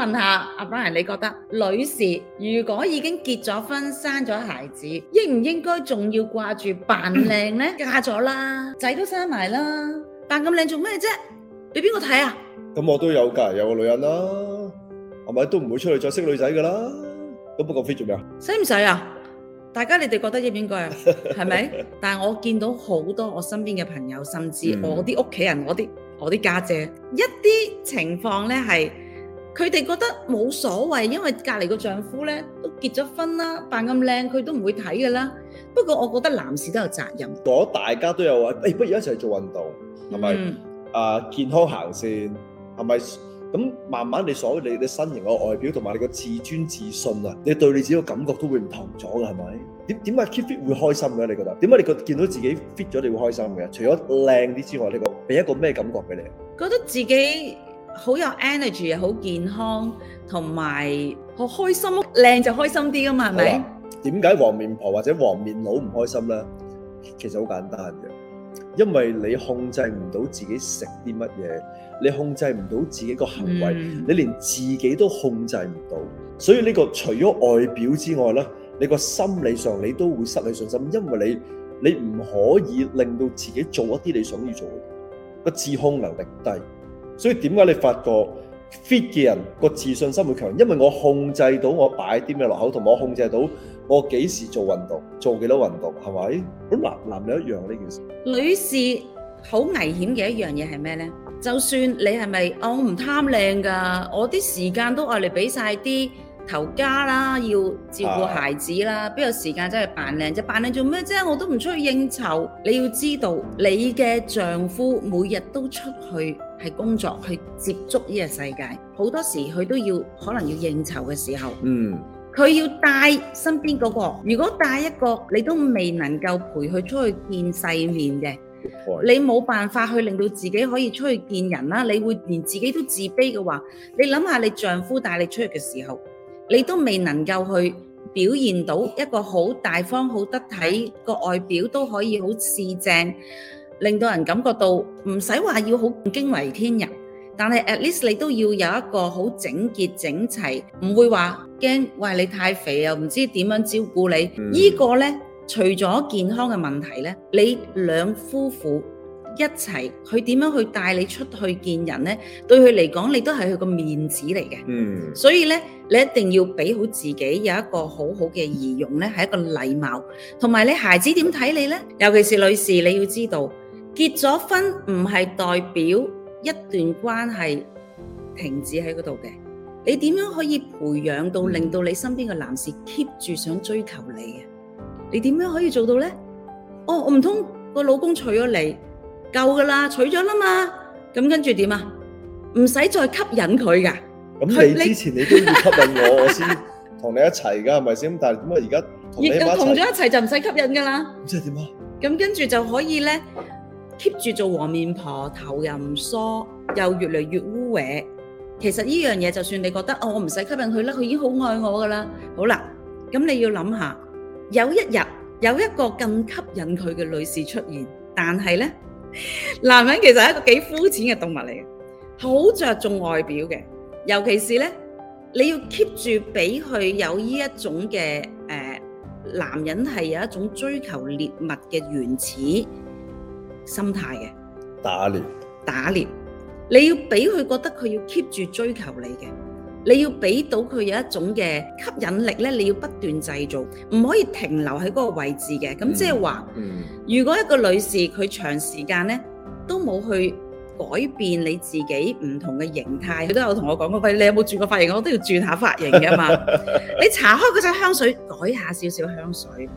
.問下阿 Brian 你覺得女士如果已經結咗婚，生咗孩子，應唔應該仲要掛住扮靚咧？嫁咗啦，仔都生埋啦，扮咁靚做咩啫？俾邊個睇啊？咁我都有噶，有個女人啦，係咪都唔會出去再識女仔噶啦？咁不過 fit 做咩啊？使唔使啊？大家你哋覺得應唔應該啊？係 咪？但係我見到好多我身邊嘅朋友，甚至我啲屋企人，嗯、我啲我啲家姐，姐，一啲情況咧係。佢哋覺得冇所謂，因為隔籬個丈夫咧都結咗婚啦，扮咁靚佢都唔會睇㗎啦。不過我覺得男士都有責任。如果大家都有話，誒，不如一齊做運動，係咪？啊，健康行先，係咪？咁慢慢你所謂你你身形嘅外表同埋你個自尊自信啊，你對你自己嘅感覺都會唔同咗㗎，係咪？點點解 keep fit 會開心嘅？你覺得點解你個見到自己 fit 咗你會開心嘅？除咗靚啲之外，呢個俾一個咩感覺俾你啊？覺得自己。好有 energy，好健康，同埋好開心，靚就開心啲噶嘛，係咪？點解黃面婆或者黃面佬唔開心呢？其實好簡單嘅，因為你控制唔到自己食啲乜嘢，你控制唔到自己個行為，你連自己都控制唔到，所以呢個除咗外表之外咧，你個心理上你都會失去信心，因為你你唔可以令到自己做一啲你想要做嘅嘢，個自控能力低。所以點解你發覺 fit 嘅人個自信心會強？因為我控制到我擺啲咩落口，同埋我控制到我幾時做運動，做幾多運動，係咪？咁男男女一樣呢件事。女士好危險嘅一樣嘢係咩咧？就算你係咪？我唔貪靚㗎，我啲時間都愛嚟俾曬啲頭家啦，要照顧孩子啦，邊有時間真係扮靚啫？扮靚做咩啫？我都唔出去應酬。你要知道，你嘅丈夫每日都出去。係工作去接觸呢個世界，好多時佢都要可能要應酬嘅時候，佢、嗯、要帶身邊嗰、嗰個。如果帶一個你都未能夠陪佢出去見世面嘅，你冇辦法去令到自己可以出去見人啦。你會連自己都自卑嘅話，你諗下你丈夫帶你出去嘅時候，你都未能夠去表現到一個好大方、好得體個外表都可以好似正。令到人感覺到唔使話要好驚為天人，但係 at least 你都要有一個好整潔整齊，唔會話驚喂，你太肥又唔知點樣照顧你。呢個咧，除咗健康嘅問題咧，你兩夫婦一齊佢點樣去帶你出去見人咧？對佢嚟講，你都係佢個面子嚟嘅。嗯，所以咧，你一定要俾好自己有一個好好嘅儀容咧，係一個禮貌，同埋你孩子點睇你咧？尤其是女士，你要知道。結咗婚唔係代表一段關係停止喺嗰度嘅，你點樣可以培養到令到你身邊嘅男士 keep 住想追求你嘅？你點樣可以做到咧？哦，我唔通個老公娶咗你，夠噶啦，娶咗啦嘛，咁跟住點啊？唔使再吸引佢噶。咁你之前你都要吸引我，我先同你一齊噶，係咪先？但係點解，而家同你一齊。亦都同咗一齊就唔使吸引噶啦。即係點啊？咁跟住就可以咧。keep 住做黃面婆頭又唔梳又越嚟越污穢。其實呢樣嘢就算你覺得哦，我唔使吸引佢啦，佢已經好愛我噶啦，好啦，咁你要諗下，有一日有一個更吸引佢嘅女士出現，但係呢，男人其實係一個幾膚淺嘅動物嚟嘅，好着重外表嘅，尤其是呢，你要 keep 住俾佢有呢一種嘅誒，男人係有一種追求獵物嘅原始。心態嘅打獵，打獵，你要俾佢覺得佢要 keep 住追求你嘅，你要俾到佢有一種嘅吸引力咧，你要不斷製造，唔可以停留喺嗰個位置嘅。咁即係話，如果一個女士佢長時間咧都冇去改變你自己唔同嘅形態，佢都有同我講過，喂， 你有冇轉過髮型？我都要轉下髮型㗎嘛。 你搽開嗰隻香水，改一下少少香水。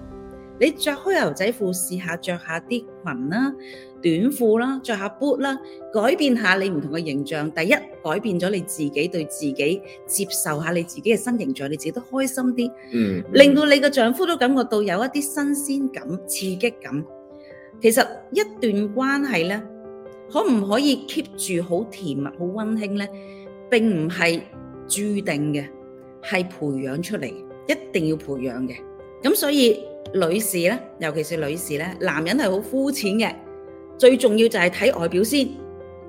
你着開牛仔褲試下，着下啲裙啦、短褲啦，着下 boot 啦，改變下你唔同嘅形象。第一，改變咗你自己對自己接受下你自己嘅新形象，你自己都開心啲、嗯。嗯，令到你嘅丈夫都感覺到有一啲新鮮感、刺激感。其實一段關係呢，可唔可以 keep 住好甜蜜、好温馨呢？並唔係注定嘅，係培養出嚟，一定要培養嘅。咁所以女士呢，尤其是女士呢，男人係好膚淺嘅，最重要就係睇外表先。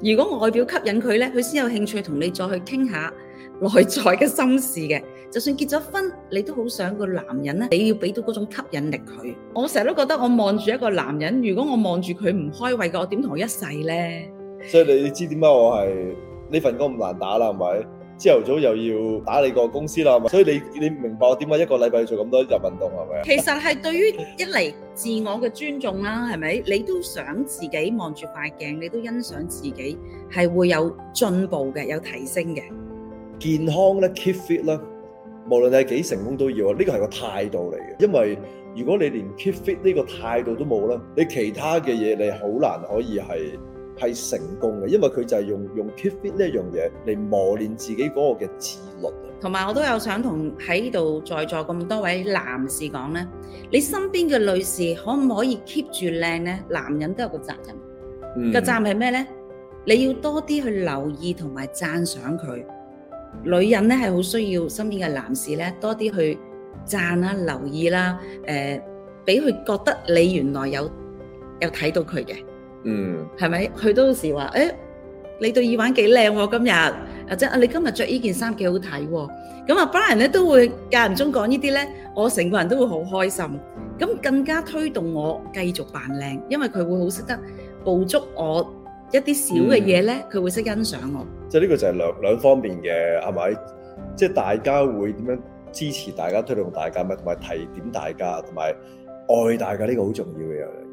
如果外表吸引佢呢，佢先有興趣同你再去傾下內在嘅心事嘅。就算結咗婚，你都好想個男人呢，你要俾到嗰種吸引力佢。我成日都覺得我望住一個男人，如果我望住佢唔開胃嘅，我點同佢一世呢？所以你知點解我係呢份工咁難打啦？係咪？朝頭早又要打理個公司啦，所以你你明白我點解一個禮拜做咁多日運動係咪啊？其實係對於一嚟自我嘅尊重啦，係咪？你都想自己望住塊鏡，你都欣賞自己，係會有進步嘅，有提升嘅。健康咧，keep fit 啦，無論你係幾成功都要啊！呢個係個態度嚟嘅，因為如果你連 keep fit 呢個態度都冇啦，你其他嘅嘢你好難可以係係成功嘅，因為佢就係用用 keep fit 呢一樣嘢嚟磨練自己嗰個嘅自律。同埋我都有想同喺度在座咁多位男士講咧，你身邊嘅女士可唔可以 keep 住靚咧？男人都有個責任，嗯，這個責任係咩咧？你要多啲去留意同埋讚賞佢。女人咧係好需要身邊嘅男士咧多啲去讚啦、啊、留意啦、啊，誒、呃，俾佢覺得你原來有有睇到佢嘅。嗯，係咪？佢都時話，誒，你對耳環幾靚喎。今日或者啊，你今日著呢件衫幾好睇喎。咁啊，Brian 咧都會間唔中講呢啲咧，我成個人都會好開心。咁更加推動我繼續扮靚，因為佢會好識得捕捉我一啲小嘅嘢咧，佢會識欣賞我。即係呢個就係兩兩方面嘅，係咪？即係大家會點樣支持大家，推動大家，咪同埋提點大家，同埋愛大家，呢個好重要嘅。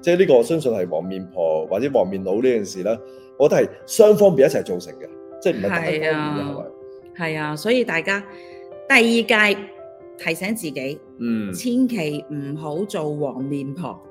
即係呢個，我相信係黃面婆或者黃面佬呢件事咧，我覺得係雙方面一齊造成嘅，即係唔係單方面嘅，係咪？係啊，啊，所以大家第二屆提醒自己，嗯，千祈唔好做黃面婆。